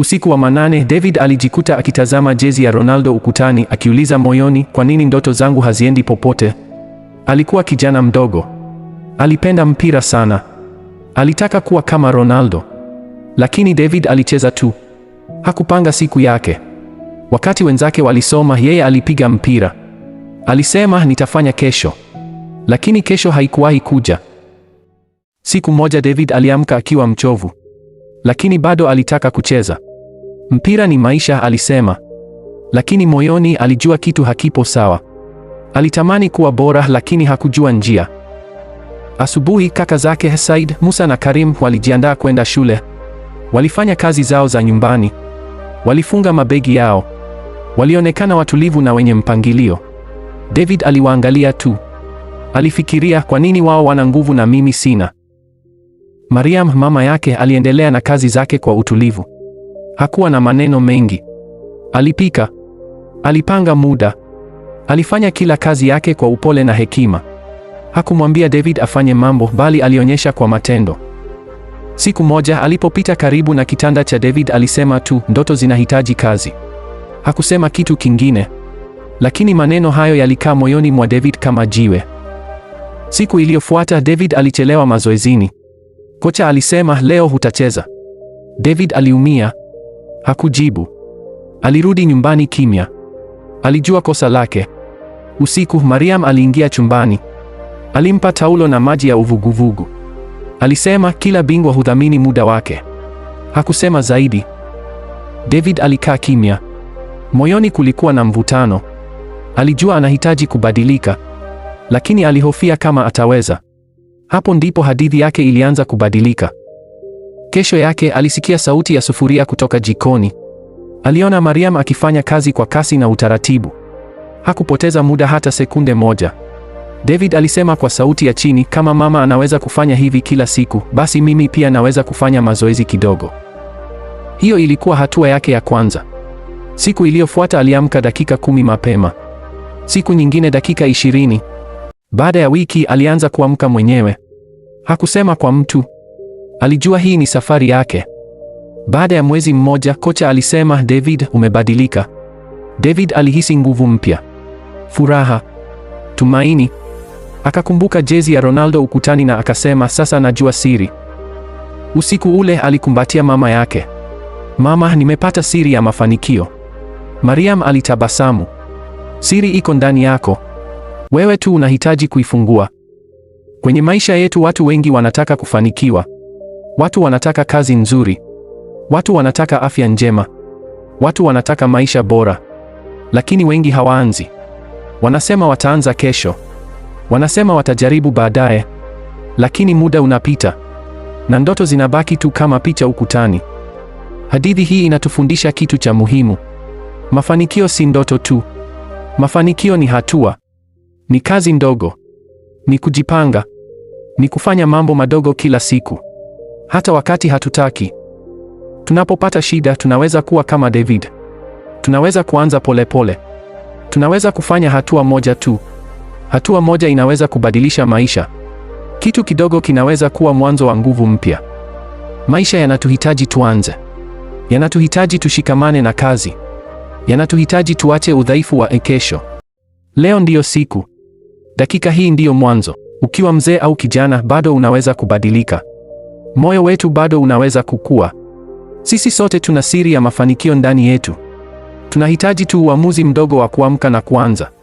Usiku wa manane, David alijikuta akitazama jezi ya Ronaldo ukutani, akiuliza moyoni, kwa nini ndoto zangu haziendi popote? Alikuwa kijana mdogo, alipenda mpira sana, alitaka kuwa kama Ronaldo, lakini David alicheza tu, hakupanga siku yake. Wakati wenzake walisoma, yeye alipiga mpira. Alisema, nitafanya kesho, lakini kesho haikuwahi kuja. Siku moja David aliamka akiwa mchovu, lakini bado alitaka kucheza. Mpira ni maisha, alisema, lakini moyoni alijua kitu hakipo sawa. Alitamani kuwa bora, lakini hakujua njia. Asubuhi kaka zake Said, Musa na Karim walijiandaa kwenda shule. Walifanya kazi zao za nyumbani, walifunga mabegi yao, walionekana watulivu na wenye mpangilio. David aliwaangalia tu, alifikiria, kwa nini wao wana nguvu na mimi sina? Mariam mama yake aliendelea na kazi zake kwa utulivu. Hakuwa na maneno mengi. Alipika, alipanga muda, alifanya kila kazi yake kwa upole na hekima. Hakumwambia David afanye mambo, bali alionyesha kwa matendo. Siku moja alipopita karibu na kitanda cha David, alisema tu, ndoto zinahitaji kazi. Hakusema kitu kingine, lakini maneno hayo yalikaa moyoni mwa David kama jiwe. Siku iliyofuata David alichelewa mazoezini. Kocha alisema, leo hutacheza. David aliumia, Hakujibu. Alirudi nyumbani kimya. Alijua kosa lake. Usiku Mariam aliingia chumbani. Alimpa taulo na maji ya uvuguvugu. Alisema kila bingwa hudhamini muda wake. Hakusema zaidi. David alikaa kimya. Moyoni kulikuwa na mvutano. Alijua anahitaji kubadilika, lakini alihofia kama ataweza. Hapo ndipo hadithi yake ilianza kubadilika. Kesho yake alisikia sauti ya sufuria kutoka jikoni. Aliona Mariam akifanya kazi kwa kasi na utaratibu. Hakupoteza muda hata sekunde moja. David alisema kwa sauti ya chini, kama mama anaweza kufanya hivi kila siku, basi mimi pia naweza kufanya mazoezi kidogo. Hiyo ilikuwa hatua yake ya kwanza. Siku iliyofuata aliamka dakika kumi mapema, siku nyingine dakika ishirini. Baada ya wiki alianza kuamka mwenyewe, hakusema kwa mtu. Alijua hii ni safari yake. Baada ya mwezi mmoja, kocha alisema, David, umebadilika. David alihisi nguvu mpya, furaha, tumaini. Akakumbuka jezi ya Ronaldo ukutani na akasema, sasa najua siri. Usiku ule alikumbatia mama yake. Mama, nimepata siri ya mafanikio. Mariam alitabasamu. Siri iko ndani yako. Wewe tu unahitaji kuifungua. Kwenye maisha yetu watu wengi wanataka kufanikiwa. Watu wanataka kazi nzuri, watu wanataka afya njema, watu wanataka maisha bora, lakini wengi hawaanzi. Wanasema wataanza kesho, wanasema watajaribu baadaye, lakini muda unapita na ndoto zinabaki tu kama picha ukutani. Hadithi hii inatufundisha kitu cha muhimu: mafanikio si ndoto tu. Mafanikio ni hatua, ni kazi ndogo, ni kujipanga, ni kufanya mambo madogo kila siku hata wakati hatutaki. Tunapopata shida, tunaweza kuwa kama David. Tunaweza kuanza polepole pole. Tunaweza kufanya hatua moja tu. Hatua moja inaweza kubadilisha maisha. Kitu kidogo kinaweza kuwa mwanzo wa nguvu mpya. Maisha yanatuhitaji tuanze, yanatuhitaji tushikamane na kazi, yanatuhitaji tuache udhaifu wa kesho. Leo ndiyo siku, dakika hii ndiyo mwanzo. Ukiwa mzee au kijana, bado unaweza kubadilika. Moyo wetu bado unaweza kukua. Sisi sote tuna siri ya mafanikio ndani yetu. Tunahitaji tu uamuzi mdogo wa kuamka na kuanza.